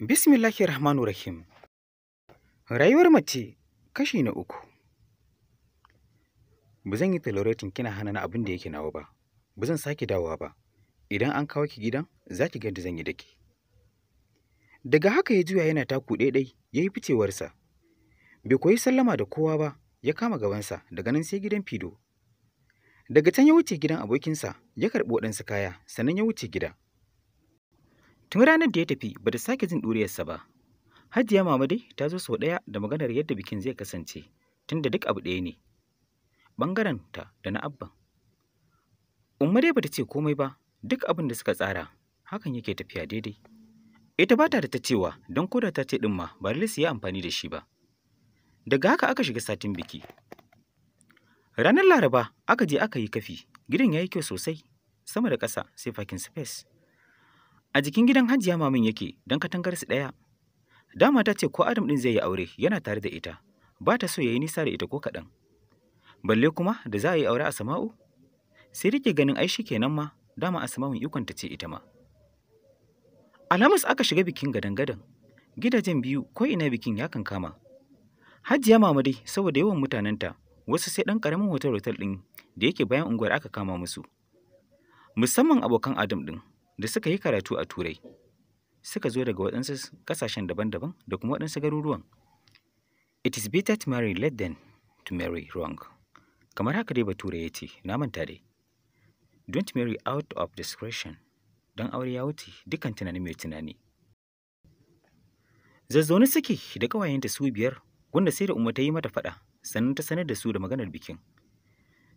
Bismillahir Rahmanu Rahim. Rayuwar mace kashi na uku. Ba zan yi tolerating kina hana na abin da yake nawa ba. Ba zan sake dawowa ba. Idan an kawo ki gidan, za ki da zan yi daki. Daga haka ya juya yana taku ɗaiɗai, ya yi ficewarsa. Bai koyi sallama da kowa ba, ya kama gabansa daga nan sai gidan fido. Daga can ya wuce gidan abokinsa, ya karɓi waɗansu kaya, sannan ya wuce gida. tun ranar da ya tafi ba da sake jin ɗuriyarsa ba hajiya mama dai ta zo sau ɗaya da maganar yadda bikin zai kasance tunda duk abu ɗaya ne ta da na abban umma ba ta ce komai ba duk abin da suka tsara hakan yake tafiya daidai ita ba ta da ta cewa don koda ta ce ɗin ma ba lalle su amfani da shi ba daga haka aka shiga satin biki ranar laraba aka je aka yi kafi gidan ya yi kyau sosai sama da ƙasa sai fakin space A jikin gidan Hajiya Mamin yake don katangar su ɗaya. Dama ta ce ko Adam ɗin zai yi aure yana tare da ita, ba ta so ya yi nisa da ita ko kaɗan. Balle kuma da za a yi aure a Sama'u? Sai rike ganin ai kenan ma, dama a ikon ta ce ita ma. Alhamis aka shiga bikin gadan-gadan. Gidajen biyu ko ina bikin ya kankama. Hajiya Mama saboda yawan mutanenta, wasu sai ɗan ƙaramin hotel-hotel ɗin da yake bayan unguwar aka kama musu. Musamman abokan Adam ɗin, da suka yi karatu a Turai suka zo daga waɗansu ƙasashen daban-daban da kuma waɗansu garuruwan. It is better to marry late than to marry wrong. Kamar haka dai Bature ya ce, na manta dai. Don't marry out of discretion. Don aure ya wuce dukkan tunani mai tunani. Zazzaune suke da ƙawayenta su biyar wanda sai da Umma ta yi mata faɗa sannan ta sanar da su da maganar bikin.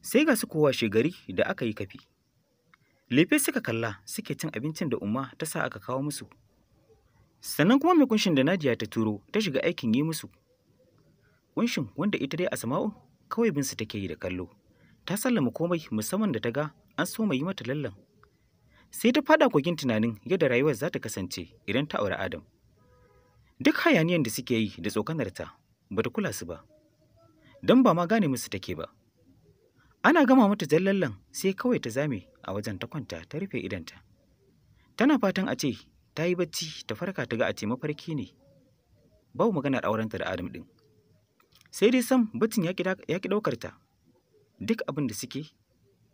Sai ga su kowa shegari da aka yi kafi. lefe suka kalla suke cin abincin da umma ta sa aka kawo musu sannan kuma mai kunshin da nadiya ta turo ta shiga aikin yi musu kunshin wanda ita dai asma'u kawai binsu take yi da kallo ta sallama komai musamman da ta ga an so mai yi mata lallan sai ta fada kogin tunanin yadda rayuwar za ta kasance idan ta aure adam duk hayaniyan da suke yi da tsokanarta ba ta kula su ba don ba ma gane musu take ba ana gama mata jallallan sai kawai ta zame a wajen ta kwanta ta rufe idanta tana fatan a ce ta yi bacci ta farka ta ga a ce mafarki ne babu maganar aurenta da adam ɗin sai dai sam baccin ya ki ɗaukar ta duk abin da suke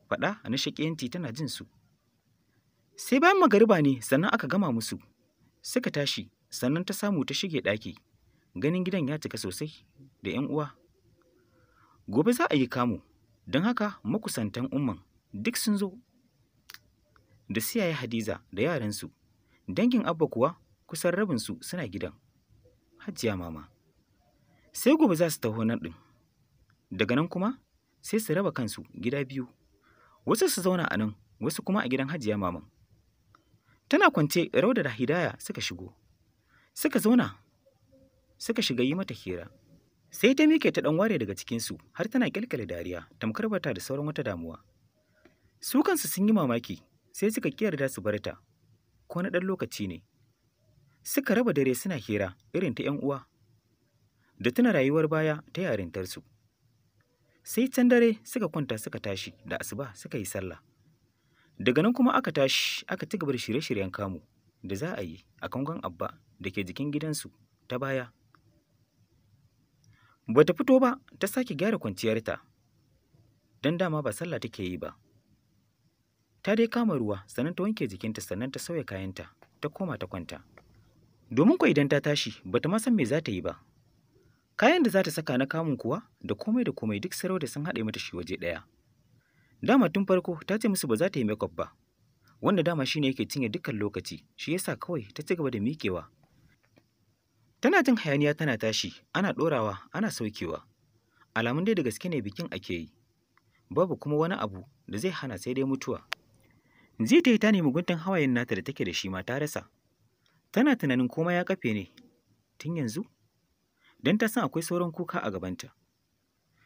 faɗa a na shaƙiyanti tana jin su sai bayan magariba ne sannan aka gama musu suka tashi sannan ta samu ta shige ɗaki ganin gidan ya cika sosai da 'yan uwa gobe za a yi kamu don haka makusantan umman duk sun zo da siyaye Hadiza da yaransu. Dangin Abba kuwa kusan rabinsu suna gidan. Hajiya mama. Sai gobe za su taho nan ɗin. Daga nan kuma sai su raba kansu gida biyu. Wasu su zauna a nan, wasu kuma a gidan Hajiya mama. Tana kwance Rauda da Hidaya suka shigo. Suka zauna, suka shiga yi mata hira. Sai ta mike ta ɗan ware daga cikinsu har tana kyalkyale dariya tamkar bata da sauran wata damuwa. Su kansu sun yi mamaki sai suka ƙi yarda su bar ta ko na ɗan lokaci ne suka raba dare suna hira irin ta ‘yan uwa da tuna rayuwar baya ta yarintarsu sai can dare suka kwanta suka tashi da asuba suka yi sallah daga nan kuma aka tashi aka ci gaba da shirye-shiryen kamu da za a yi a kangon abba da ke jikin gidansu ta baya bata fito ba ta sake gyara kwanciyarta don dama ba sallah take yi ba ta dai kama ruwa sannan ta wanke jikinta sannan ta sauya kayanta ta koma ta kwanta domin ko idan ta tashi bata ma san me za ta yi ba kayan da za ta saka na kamun kuwa da komai da komai duk sarau da sun haɗe mata shi waje ɗaya dama tun farko ta ce musu ba za ta yi makeup ba wanda dama shine yake cinye dukkan lokaci shi yasa kawai ta ci gaba da miƙewa tana jin hayaniya tana tashi ana ɗorawa ana saukewa alamun dai da gaske ne bikin ake yi babu kuma wani abu da zai hana sai dai mutuwa Zai ta yi ta nemi guntun hawayen nata da take da shi ma ta rasa. Tana tunanin koma ya kafe ne, tun yanzu? Don ta san akwai sauran kuka a gabanta.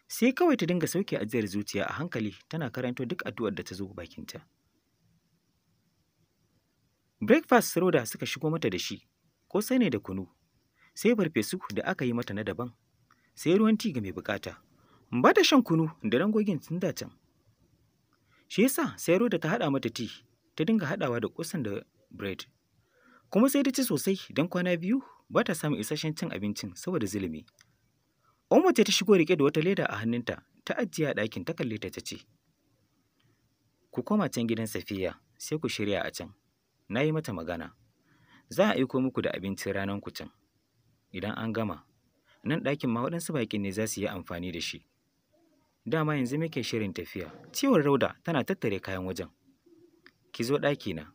Sai kawai ta dinga sauke ajiyar zuciya a hankali tana karanto duk addu'ar da ta zo bakinta. Breakfast Roda suka shigo mata da shi, ko sai ne da kunu, sai farfesu da aka yi mata na daban, sai ruwan tiga mai bukata. Ba ta shan kunu da rangogin tun da can. Shi yasa sai Roda ta haɗa mata ti, ta dinga haɗawa da kusan da bread. Kuma sai ta ci sosai don kwana biyu ba ta samun isasshen cin abincin saboda zulumi. Umma ta shigo rike da wata leda a hannunta, ta ajiye a ɗakin ta kalle ta ta ce, Ku koma can gidan Safiya, sai ku shirya a can. Na yi mata magana. Za a aiko muku da abincin ranar ku can. Idan an gama, nan ɗakin ma waɗansu baƙin ne za su yi amfani da shi. dama yanzu muke shirin tafiya ciwon rauda tana tattare kayan wajen ki zo ɗakina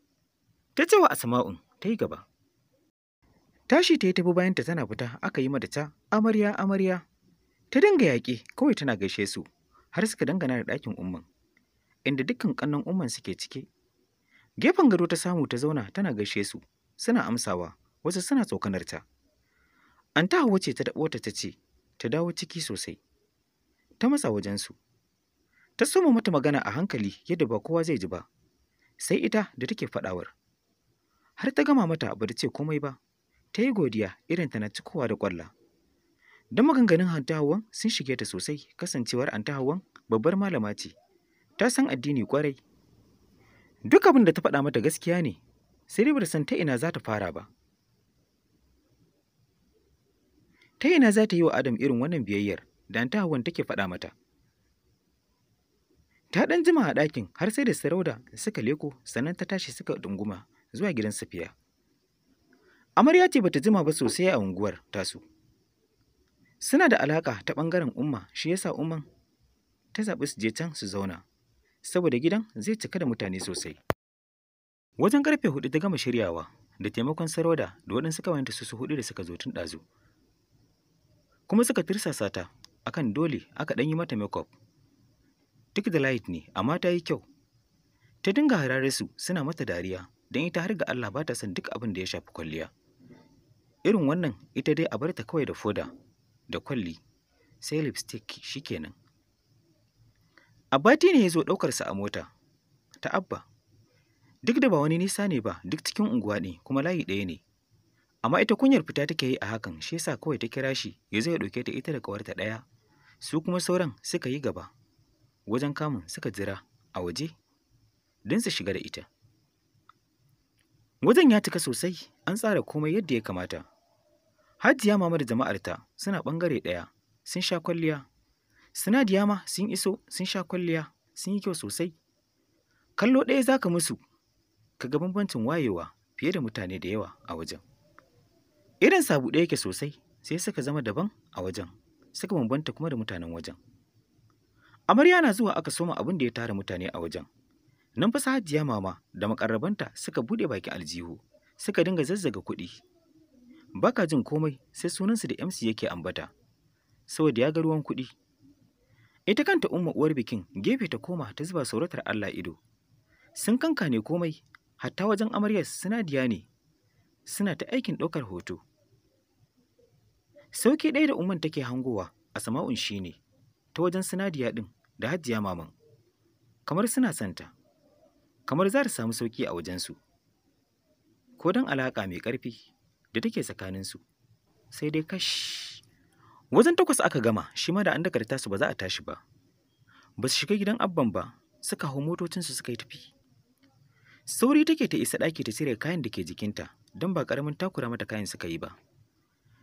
ta ce wa asma'un ta yi gaba tashi ta yi tafi ta tana fita aka yi mata ta amarya amarya ta dinga yaƙi kawai tana gaishe su har suka dangana da ɗakin umman inda dukkan ƙannan umman suke cike gefen gado ta samu ta zauna tana gaishe su suna amsawa wasu suna tsokanarta an ta hawa ce ta daɓo ta ta ce ta dawo ciki sosai ta matsa wajensu. Ta soma mata magana a hankali yadda ba kowa zai ji ba, sai ita da take faɗawar. Har ta gama mata ba ta ce komai ba, ta yi godiya irin ta na cikowa da ƙwalla. Don maganganun Hawan sun shige ta sosai kasancewar Hawan babbar malama ce, ta san addini ƙwarai. Duk abin da ta faɗa mata gaskiya ne, sai ribar san ta ina za ta fara ba. Ta ina za ta yi wa Adam irin wannan biyayyar? da ta hawan take faɗa mata. Ta ɗan jima a ɗakin har sai da sarauda suka leko sannan ta tashi suka ɗunguma zuwa gidan Safiya. Amarya ce bata jima ba sosai a unguwar tasu. Suna da alaƙa ta ɓangaren umma shi yasa umman ta zaɓi su je can su zauna saboda gidan zai cika da mutane sosai. Wajen ƙarfe huɗu ta gama shiryawa da taimakon sarauda da waɗansu kawayenta su su hudu da suka zo tun ɗazu. Kuma suka tirsasa ta akan dole aka ɗan yi mata makeup duk da light ne amma ta yi kyau ta dinga harare su suna mata dariya don ita har ga Allah ba ta son duk abin da ya shafi kwalliya irin wannan ita dai a bar ta kawai da foda da kwalli sai lipstick shikenan abati ne ya zo ɗaukarsa a mota ta abba duk da ba wani nisa ne ba duk cikin unguwa ne kuma layi ɗaya ne amma ita kunyar fita take yi a hakan shi yasa kawai ta kira shi ya zo ya ɗauke ta ita da kawarta ɗaya su kuma sauran suka yi gaba wajen kamun suka jira a waje don su shiga da ita wajen ya tuka sosai an tsara komai yadda ya kamata hajiya mama da jama'arta suna ɓangare ɗaya sun sha kwalliya sinadiya ma sun iso sun sha kwalliya sun yi kyau sosai kallo ɗaya za ka musu ka ga bambancin wayewa fiye da mutane da yawa a wajen irin sabu ɗaya yake sosai sai suka zama daban a wajen suka bambanta kuma da mutanen wajen amarya na zuwa aka soma abin da ya tara mutane a wajen nan fa hajiya mama da makarrabanta suka bude baki aljihu suka dinga zazzaga kuɗi baka jin komai sai sunansu da MC yake ambata saboda ya ga ruwan kuɗi ita kanta umma uwar bikin gefe ta koma ta zuba sauratar Allah ido sun kanka ne komai hatta wajen amaryar sinadiya ne suna ta aikin ɗaukar hoto Sauki ɗaya da umman take hangowa a sama'un shi ne, ta wajen sinadiya ɗin da hajiya maman. Kamar suna santa, kamar za ta samu sauki a wajensu. Ko don alaƙa mai ƙarfi da take tsakaninsu, sai dai kash. Wajen takwas aka gama, shi ma da an dakarta su ba za a tashi ba. Ba su shiga gidan abban ba, suka hau motocinsu suka yi tafi. Sauri take ta isa ɗaki ta cire kayan da ke jikinta, don ba ƙaramin takura mata kayan suka yi ba.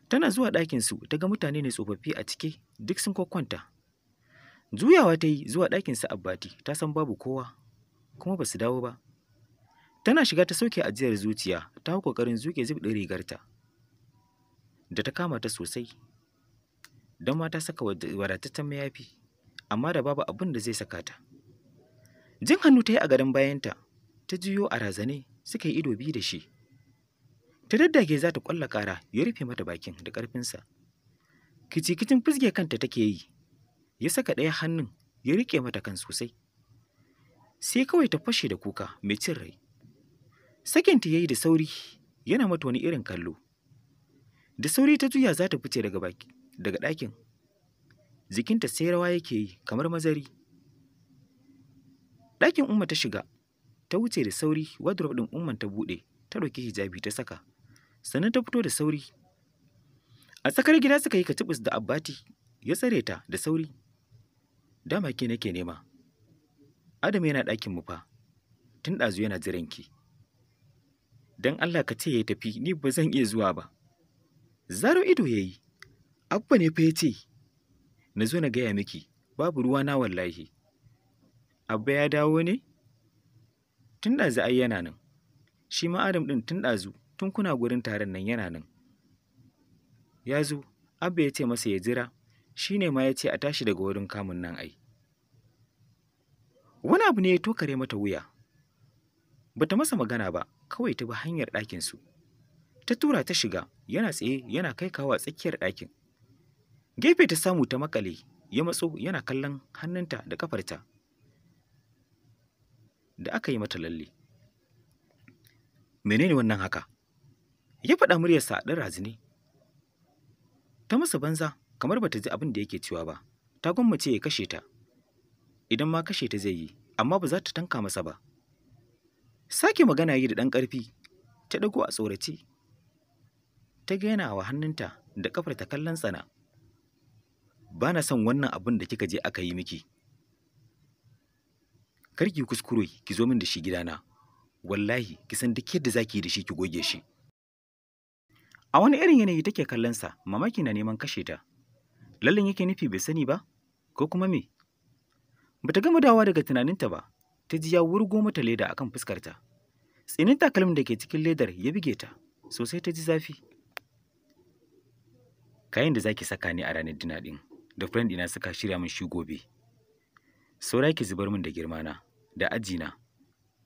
Tana zuwa ɗakinsu ta ga mutane ne tsofaffi a cike duk sun kwakwanta. Juyawa ta yi zuwa ɗakinsa abbati ta san babu kowa kuma ba su dawo ba. Tana shiga ta sauke ajiyar zuciya ta hau ƙoƙarin zuke zub ɗin rigarta da ta kama ta sosai don ma ta saka wadataccen mayafi amma da babu abin da zai saka ta. Jin hannu ta yi a gadon bayanta ta juyo a razane suka yi ido biyu da shi. ta daddage za ta ƙwalla ƙara ya rufe mata bakin da ƙarfinsa kicikicin fizge kanta take yi ya saka ɗaya hannun ya riƙe mata kan sosai sai kawai ta fashe da kuka mai cin rai sakinta ya yi da sauri yana mata wani irin kallo da sauri ta juya za ta fice daga baki daga ɗakin jikinta sai rawa yake yi kamar mazari ɗakin umma ta shiga ta wuce da sauri wardrobe ɗin umman ta buɗe ta ɗauki hijabi ta saka sannan ta fito da sauri a tsakar gida suka yi katibus da abbati ya tsare ta da sauri dama ke nake nema adam yana ɗakin mu fa tun ɗazu yana jiran ki don allah ka ce ya tafi ni ba zan iya zuwa ba zaro ido ya yi abba ne fa ya ce na zo na gaya miki babu ruwa na wallahi abba ya dawo ne tun ɗazu ai yana nan shi ma adam ɗin tun ɗazu tun kuna gurin taron nan yana nan ya zo abba ya ce masa ya jira shi ne ma ya ce a tashi daga wurin kamun nan ai wani abu ne ya tokare mata wuya ba ta masa magana ba kawai ta bi hanyar ɗakinsu ta tura ta shiga yana tsaye yana kai kawo a tsakiyar ɗakin gefe ta samu ta makale ya matso yana kallon hannunta da kafarta da aka yi mata lalle menene wannan haka ya faɗa muryarsa a ɗan razini. Ta masa banza kamar bata ji abin da yake cewa ba, ta gwammace ya kashe ta. Idan ma kashe ta zai yi, amma ba za ta tanka masa ba. Sake magana yi da ɗan ƙarfi, ta ɗago a tsorace. Ta gaina wa hannunta da ƙafar ta kallon tsana. Ba na son wannan abin da kika je aka yi miki. Kar ki kuskure ki zo min da shi gidana. Wallahi, ki san duk yadda za ki yi da shi ki goge shi. A wani irin yanayi take sa, mamaki na neman kashe ta. Lallin yake nufi bai sani ba, ko kuma me? Ba ta gama dawa daga tunaninta ba, ta ji ya wurgo mata leda akan fuskarta. Tsinin takalmin da ke cikin ledar ya bige ta, sosai ta ji zafi. Kayan da zaki saka ni a ranar dina ɗin, da friend dina suka shirya min shi gobe. Saura ki zubar min da girmana, da ajina,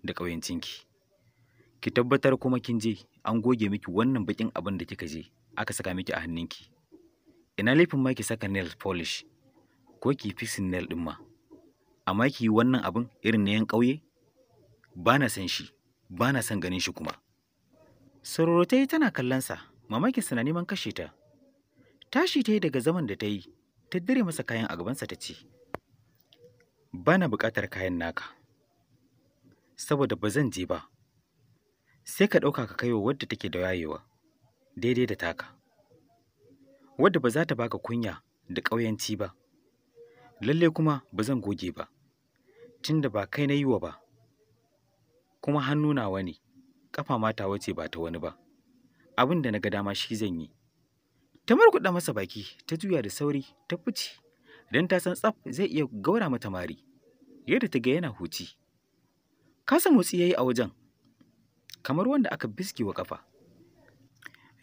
da ƙauyencinki. ki tabbatar kuma kin je an goge miki wannan bakin abin da kika je aka saka miki a hannunki ina laifin ma ki saka nail polish ko ki fixing nail din ma amma ki wannan abin irin na yan ƙauye Bana na san shi Bana na san ganin shi kuma sororote tana kallon sa, mamaki suna neman kashe ta tashi ta yi daga zaman da ta yi ta dire masa kayan a gabansa ta ce ba na buƙatar kayan naka saboda ba zan je ba sai ka ɗauka ka kaiwa wadda take da wayewa daidai da taka wadda ba za ta baka kunya da ƙauyanci ba lalle kuma ba zan goge ba tunda ba kai na yi wa ba kuma hannu nawa ne ƙafa mata wace ba ta wani ba abin da na ga dama shi zan yi ta markuɗa masa baki ta juya da sauri ta fice don ta san tsaf zai iya gaura mata mari yadda ta ga yana huci kasa motsi ya yi a wajen kamar wanda aka biske wa ƙafa.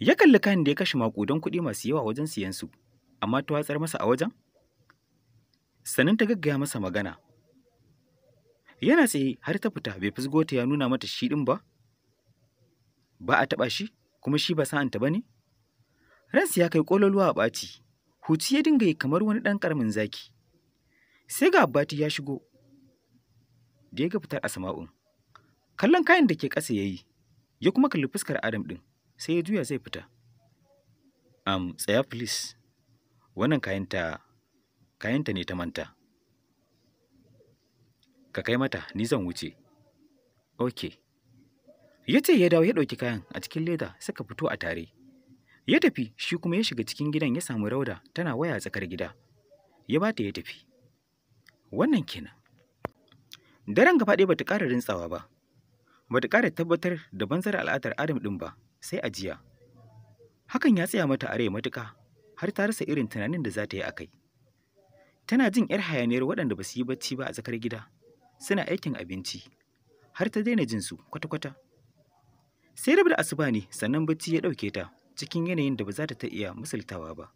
Ya kalli kayan da ya kashe maƙudan kuɗi masu yawa wajen siyan su, amma ta watsar masa a wajen? Sannan ta gaggaya masa magana. Yana tsaye har ta fita bai fusgo ta ya nuna mata shi ɗin ba? Ba a taɓa shi, kuma shi ba sa'anta ba ne? Ransu ya kai ƙololuwa a ɓaci, huci ya dinga yi kamar wani ɗan ƙaramin zaki. Sai ga Abbati ya shigo, da ya ga fitar sama'un. Kallon kayan da ke ƙasa ya yi, ya kuma kalli fuskar Adam ɗin sai ya juya zai fita. Am tsaya please, wannan kayanta, kayanta ne ta manta. Ka kai mata, ni zan wuce. Ok. Ya ce ya dawo ya ɗauki kayan a cikin leda suka fito a tare. Ya tafi shi kuma ya shiga cikin gidan ya samu rauda tana waya a tsakar gida. Ya bata ya tafi. Wannan kenan. Daren gaba ɗaya bata ƙara rintsawa ba. bata ƙara tabbatar da banzar al'adar Adam ɗin ba sai ajiya. Hakan ya tsaya mata a rai matuƙa har ta rasa irin tunanin da za ta yi a kai. Tana jin 'yar hayaniyar waɗanda ba su yi bacci ba a tsakar gida, suna aikin abinci, har ta daina jin su kwata-kwata. Sai rabu da asuba ne sannan bacci ya ɗauke ta cikin yanayin da ba za ta iya musultawa ba.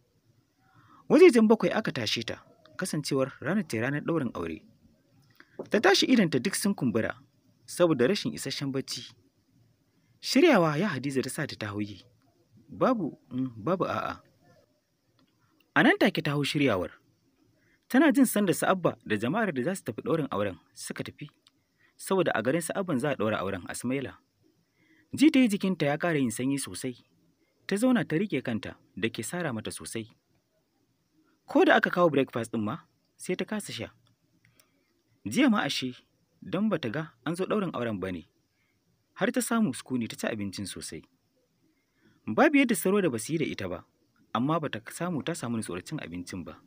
Wajejen bakwai aka tashe ta, kasancewar ranar ta ranar ɗaurin aure. Ta tashi idanta duk sun kumbura, saboda rashin isasshen bacci shiryawa ya hadiza ta sa ta taho yi babu mm, babu a'a a nan take taho shiryawar tana jin sanda sa'abba da jama'ar da za su tafi ɗaurin auren suka tafi saboda a garin sa'abban za a ɗaura auren asmaila ji ta yi jikinta ya ƙara yin sanyi sosai ta zauna ta riƙe kanta da ke sara mata sosai ko da aka kawo breakfast ɗin ma sai ta kasa sha jiya ma ashe don ba ta ga an zo ɗaurin auren ba ne har ta samu sukuni ta ci abincin sosai babu yadda saro da basu da ita ba amma ba ta samu ta samu nutsuwar abincin ba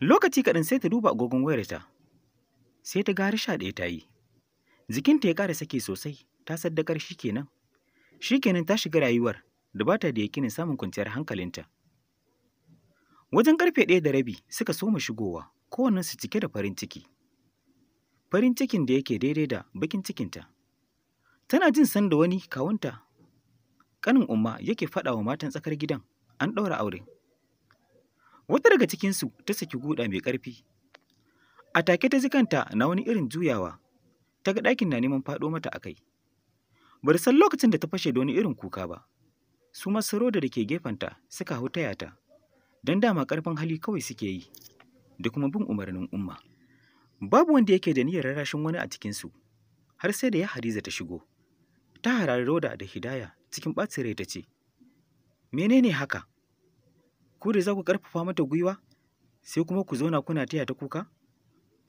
lokaci kaɗan sai ta duba agogon wayarta sai ta gari sha ɗaya ta yi jikinta ya ƙara sake sosai ta saddakar shi kenan shi kenan ta shiga rayuwar da ba ta da yakinin samun kwanciyar hankalinta wajen ƙarfe ɗaya da rabi suka soma shigowa kowannensu cike da farin ciki farin cikin da yake daidai da bakin cikinta. Tana jin sanda wani kawunta. Ƙanin umma yake faɗa wa matan tsakar gidan an ɗaura aure. Wata daga cikinsu ta saki guda mai ƙarfi. A take ta zikanta na wani irin juyawa, ta ga ɗakin na neman faɗo mata a kai. Bari san lokacin da ta fashe da wani irin kuka ba. Su masaro da ke gefenta suka hau tayata, don dama ƙarfin hali kawai suke yi, da kuma bin umarnin umma. Babu wanda yake da niyyar rarrashin wani a cikinsu, har sai da ya Hadiza ta shigo. Ta harari Roda da Hidaya cikin ɓacin rai ta ce, Menene haka? Ku da za ku ƙarfafa mata gwiwa, sai kuma ku zauna kuna taya ta kuka?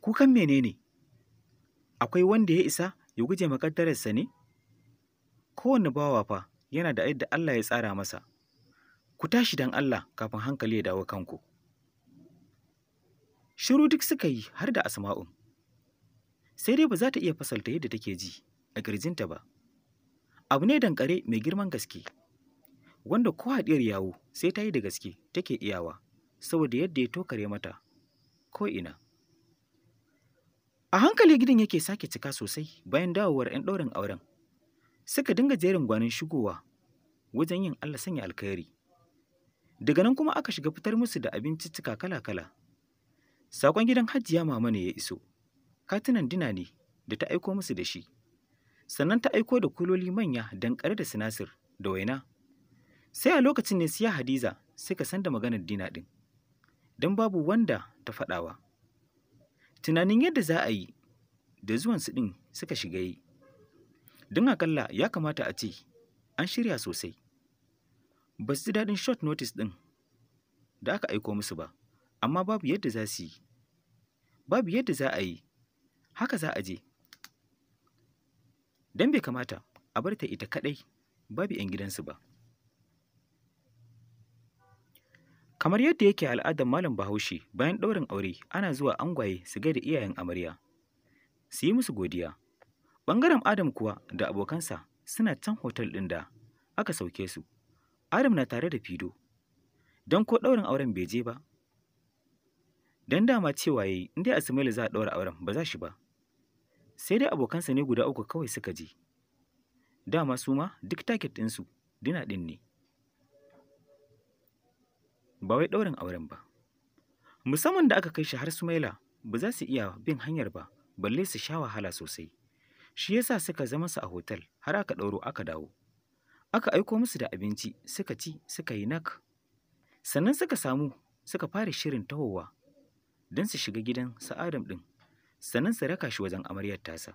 Kukan menene? Akwai wanda ya isa ya guje makaddararsa ne? Kowane bawa fa yana da yadda Allah ya tsara masa. Ku tashi don Allah kafin hankali ya dawo kanku. Shiru duk suka yi har da asma'un. Sai dai ba za ta iya fasalta yadda take ji a ƙirjinta ba. Abu ne dankare mai girman gaske, wanda ko haɗiyar yawo sai ta yi da gaske take iyawa, saboda yadda ya tokare mata ko ina. A hankali gidan yake sake cika sosai bayan dawowar 'yan ɗaurin auren. Suka dinga jerin gwanin shigowa wajen yin Allah sanya alkhairi. Daga nan kuma aka shiga fitar musu da abinci cika kala-kala Sakon gidan Hajiya Mama ne ya iso, katunan dina ne da ta aiko musu da shi, sannan ta aiko da kuloli manya dankare da sinasir da waina. Sai a lokacin ne siya Hadiza suka san da maganar dina ɗin, don babu wanda ta faɗawa. Tunanin yadda za a yi da zuwansu ɗin suka shiga yi, don akalla ya kamata a ce an shirya sosai. Ba su ji daɗin short notice ɗin da aka aiko musu ba. amma babu yadda za su yi babu yadda za a yi haka za a je don bai kamata a bar ta ita kaɗai babu 'yan gidansu ba kamar yadda yake al'adar malam bahaushe bayan ɗaurin aure ana zuwa angwaye su da iyayen amarya su yi musu godiya ɓangaren adam kuwa da abokansa suna can hotel ɗin da aka sauke su adam na tare da fido don ko ɗaurin auren bai je ba Don dama cewa ya yi, in dai Asma'il za a ɗaura auren ba za shi ba. Sai dai abokansa ne guda uku kawai suka je. Dama su ma duk taket ɗinsu dina ɗin ne. Ba wai ɗaurin auren ba. Musamman da aka kai shi har Sumaila ba za su iya bin hanyar ba, balle su sha wahala sosai. Shi yasa suka zama su a hotel har aka ɗauro aka dawo. Aka aiko musu da abinci suka ci suka yi nak. Sannan suka samu suka fara shirin tahowa don su shiga gidan su Adam ɗin, sannan su raka shi wajen amaryar tasa.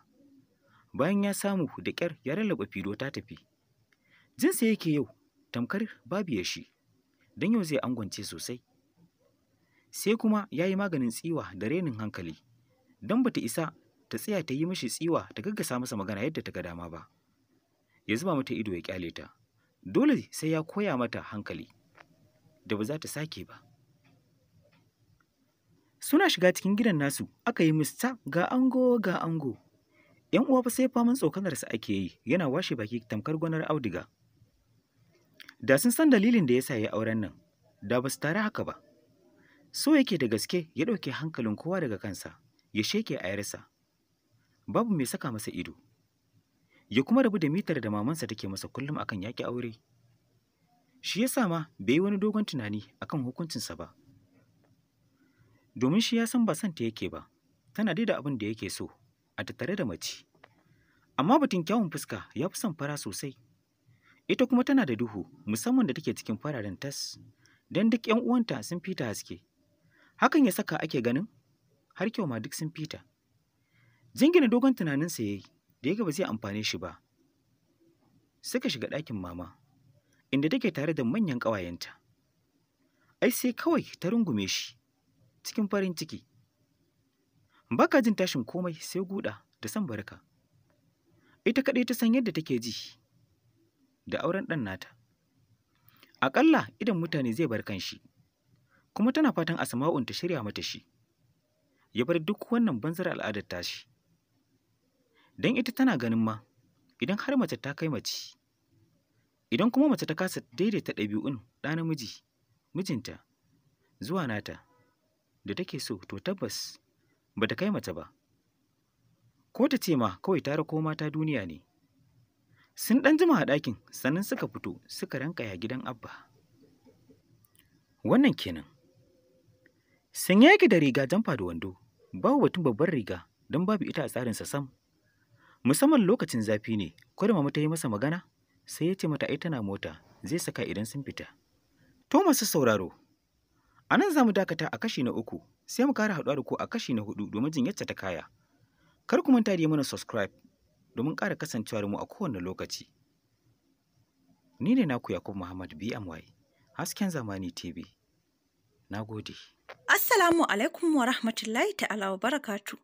Bayan ya samu da ƙyar ya rallaba fido ta tafi. Jinsa yake yau, tamkar babu ya shi, don yau zai angwance sosai. Sai kuma ya yi maganin tsiwa da renin hankali, don ba ta isa ta tsaya ta yi mashi tsiwa ta gaggasa masa magana yadda ta ga dama ba. Ya zuba mata ido ya kyale ta, dole sai ya koya mata hankali, da ba za ta sake ba. Suna shiga cikin gidan nasu aka yi mista ga ango ga ango. ‘Yan uwa fa sai faman tsokanarsa ake yi yana washe baki tamkar gonar auduga. Da sun san dalilin da ya sa ya auren nan, da ba su tare haka ba. So yake da gaske ya ɗauke hankalin kowa daga kansa, ya sheke a yarsa. Babu mai saka masa ido. Ya kuma rabu da mitar da mamansa take masa kullum akan yaƙi aure. Shi yasa ma bai yi wani dogon tunani akan hukuncinsa ba. domin shi ya san ba ta yake ba tana dai da abin da yake so a tattare da mace amma batun kyawun fuska ya fi son fara sosai ita kuma tana da duhu musamman da take cikin fararen tas don duk yan uwanta sun fita haske hakan ya saka ake ganin har kyau ma duk sun fita jingina dogon tunanin ya yi da yaga ba zai amfane shi ba suka shiga ɗakin mama inda take tare da manyan ƙawayenta ai sai kawai ta rungume shi cikin farin ciki ba ka jin tashin komai sai guda da san barka ita kaɗai ta san yadda take ji da auren ɗan nata aƙalla idan mutane zai bar kanshi kuma tana fatan asma'un ta shirya mata shi ya bar duk wannan banzar al'adar tashi don ita tana ganin ma idan har mace ta kai mace idan kuma mace ta kasa daidaita ɗabi'un ɗa namiji mijinta zuwa nata da take so to tabbas ba ta kai mata ba ko ta ce ma kawai ta rako mata duniya ne sun ɗan jima a ɗakin sannan suka fito suka ranka ya gidan abba wannan kenan Sun yake da riga jamfa da wando babu batun babbar riga don babu ita a tsarinsa sam musamman lokacin zafi ne Mama ta yi masa magana sai ya ce mata ai tana mota zai saka idan sun fita to masu sauraro A nan za mu dakata a kashi na uku, sai mu kara haɗuwa da ku a kashi na hudu domin jin yadda ta kaya. Kar ku manta da yi mana subscribe domin ƙara kasancewa da mu a kowane lokaci. Ni ne naku Yakubu Muhammad BMY, hasken zamani TV. Na gode. Assalamu alaikum wa rahmatullahi ta'ala wa barakatu.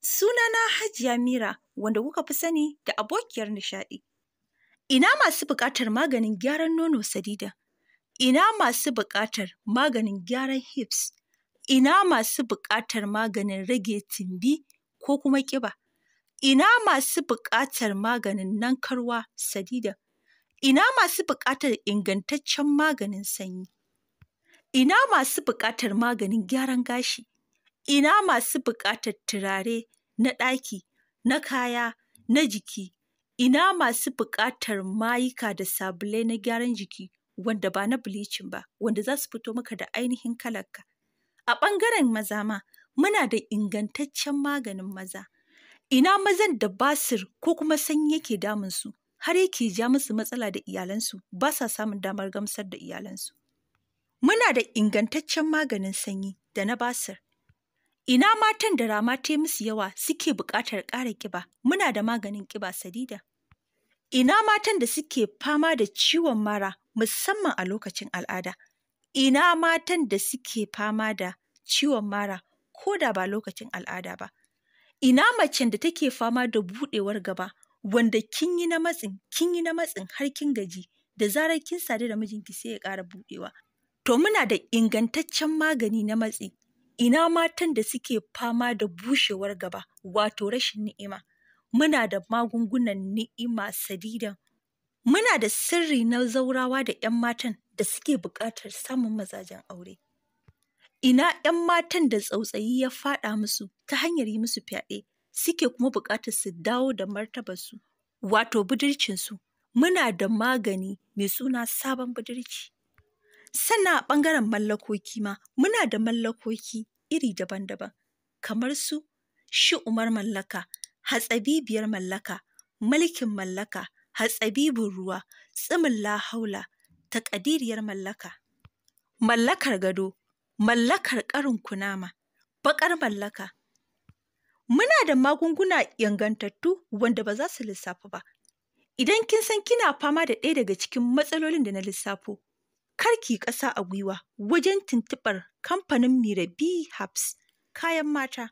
Sunana Hajiya Mira wanda kuka fi sani da abokiyar nishaɗi. Ina masu buƙatar maganin gyaran nono sadida. ina masu buƙatar maganin gyaran hips, ina masu buƙatar maganin rage tumbi ko kuma ƙiba, ina masu buƙatar maganin nankarwa sadida ina masu buƙatar ingantaccen maganin sanyi, ina masu buƙatar maganin gyaran gashi, ina masu buƙatar turare na ɗaki, na kaya, na jiki, ina masu buƙatar mayuka da sabulai na gyaran jiki. wanda ba na bleaching ba wanda za su fito maka da ainihin kalarka a ɓangaren maza ma muna da ingantaccen maganin maza ina mazan da basir ko kuma sanyi yake damunsu har yake ja musu matsala da iyalansu ba sa samun damar gamsar da iyalansu muna da ingantaccen maganin sanyi da na basir ina matan da rama ta musu yawa suke buƙatar ƙara ƙiba muna da maganin ƙiba sadida Ina matan da suke fama da ciwon mara musamman a lokacin al'ada? Ina matan da suke fama da ciwon mara ko da ba lokacin al'ada ba? Ina macen da take fama da buɗewar gaba wanda kin yi na matsin, kin yi na matsin har kin gaji da zarar kin sadu da mijinki sai ya ƙara buɗewa. To muna da ingantaccen magani na matsi. Ina matan da suke fama da bushewar gaba wato rashin ni'ima. muna da magungunan ni'ima sadidan. Muna da sirri na zaurawa da ‘yan matan da suke buƙatar samun mazajen aure. Ina ‘yan matan da tsautsayi ya faɗa musu ta hanyar yi musu fyaɗe suke kuma buƙatar su dawo da martabarsu, wato budurcinsu. Muna da magani mai suna sabon budurci. Sannan a ɓangaren mallakoki ma, muna da mallakoki iri daban-daban, kamar su shi umar mallaka hatsabibiyar mallaka, mulkin mallaka, hatsabibin ruwa, tsimin lahaula, takadiriyar mallaka. Mallakar gado, mallakar ƙarin kunama, baƙar mallaka. Muna da magunguna yangantattu wanda ba za su lissafu ba. Idan kin san kina fama da ɗaya daga cikin matsalolin da na lissafo, karki ƙasa a gwiwa wajen tuntuɓar kamfanin Mirabi Habs kayan mata.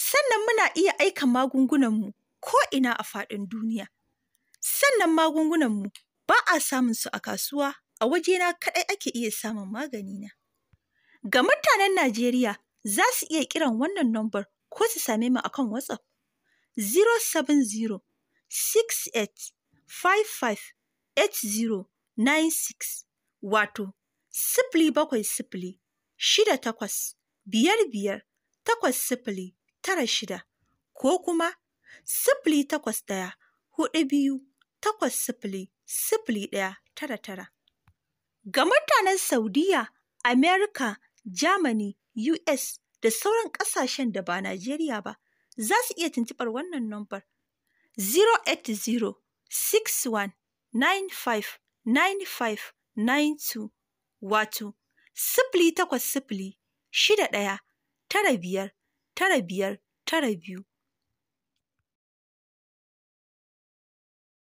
Sannan muna iya aika magungunanmu ko ina a faɗin duniya. Sannan magungunanmu ba a samun su a kasuwa, a wajena kaɗai ake iya samun magani na Ga mutanen Najeriya za su iya kiran wannan nombar ko su same mu akan WhatsApp 070 68 55 8096 wato sifili bakwai sifili shida takwas biyar biyar takwas sifili tara shida ko kuma sifili takwas ɗaya huɗu biyu takwas sifili sifili ɗaya tara tara. Ga mutanen Saudiya, Amerika, Germany, US da sauran ƙasashen da ba Najeriya ba za su iya tuntuɓar wannan nombar 080 61 95 95 wato sifili takwas sifili shida ɗaya tara biyar tara biyar tara biyu